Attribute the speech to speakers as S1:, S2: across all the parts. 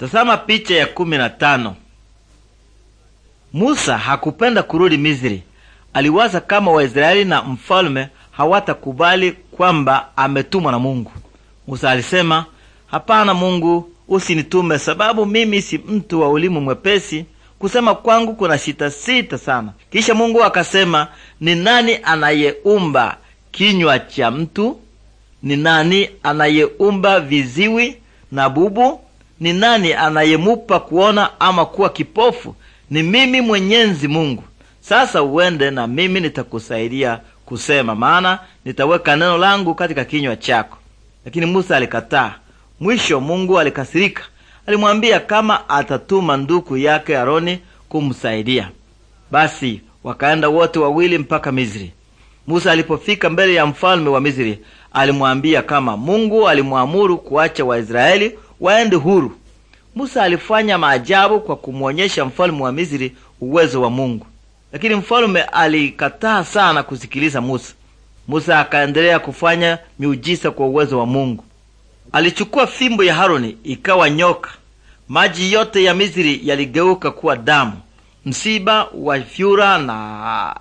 S1: Tazama picha ya kumi na tano. Musa hakupenda kurudi Misri. Aliwaza kama Waisraeli na mfalme hawatakubali kwamba ametumwa na Mungu. Musa alisema, hapana Mungu, usinitume sababu mimi si mtu wa ulimu mwepesi, kusema kwangu kuna sita sita sana. Kisha Mungu akasema, ni nani anayeumba kinywa cha mtu? Ni nani anayeumba viziwi na bubu? Ni nani anayemupa kuona ama kuwa kipofu? Ni mimi Mwenyezi Mungu. Sasa uende na mimi nitakusaidia kusema, maana nitaweka neno langu katika kinywa chako. Lakini Musa alikataa. Mwisho Mungu alikasirika, alimwambia kama atatuma nduku yake Aroni kumsaidia. Basi wakaenda wote wawili mpaka Misri. Musa alipofika mbele ya mfalme wa Misri, alimwambia kama Mungu alimwamuru kuacha Waisraeli waende huru. Musa alifanya maajabu kwa kumwonyesha mfalme wa Misri uwezo wa Mungu, lakini mfalme alikataa sana kusikiliza Musa. Musa akaendelea kufanya miujiza kwa uwezo wa Mungu. Alichukua fimbo ya Haroni ikawa nyoka, maji yote ya Misri yaligeuka kuwa damu, msiba wa vyura na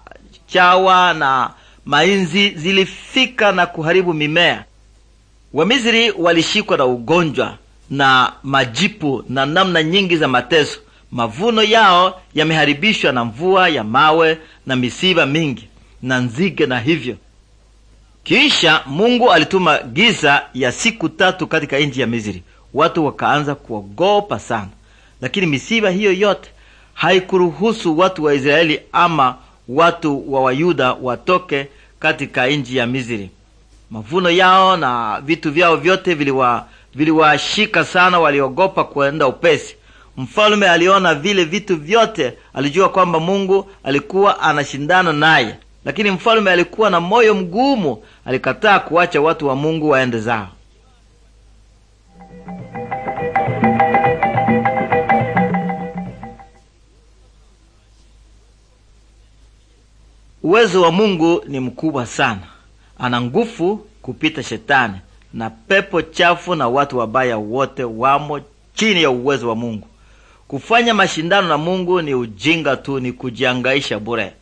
S1: chawa na mainzi zilifika na kuharibu mimea. Wamisri walishikwa na ugonjwa na majipu na namna nyingi za mateso. Mavuno yao yameharibishwa na mvua ya mawe na misiba mingi na nzige na hivyo. Kisha Mungu alituma giza ya siku tatu katika nchi ya Misri. Watu wakaanza kuogopa sana, lakini misiba hiyo yote haikuruhusu watu wa Israeli ama watu wa Wayuda watoke katika nchi ya Misri. Mavuno yao na vitu vyao vyote viliwa viliwaashika sana, waliogopa kuenda upesi. Mfalume aliona vile vitu vyote, alijua kwamba Mungu alikuwa anashindana naye, lakini mfalume alikuwa na moyo mgumu, alikataa kuwacha watu wa Mungu waende zao. Uwezo wa Mungu ni mkubwa sana, ana nguvu kupita shetani na pepo chafu na watu wabaya wote wamo chini ya uwezo wa Mungu. Kufanya mashindano na Mungu ni ujinga tu, ni kujiangaisha bure.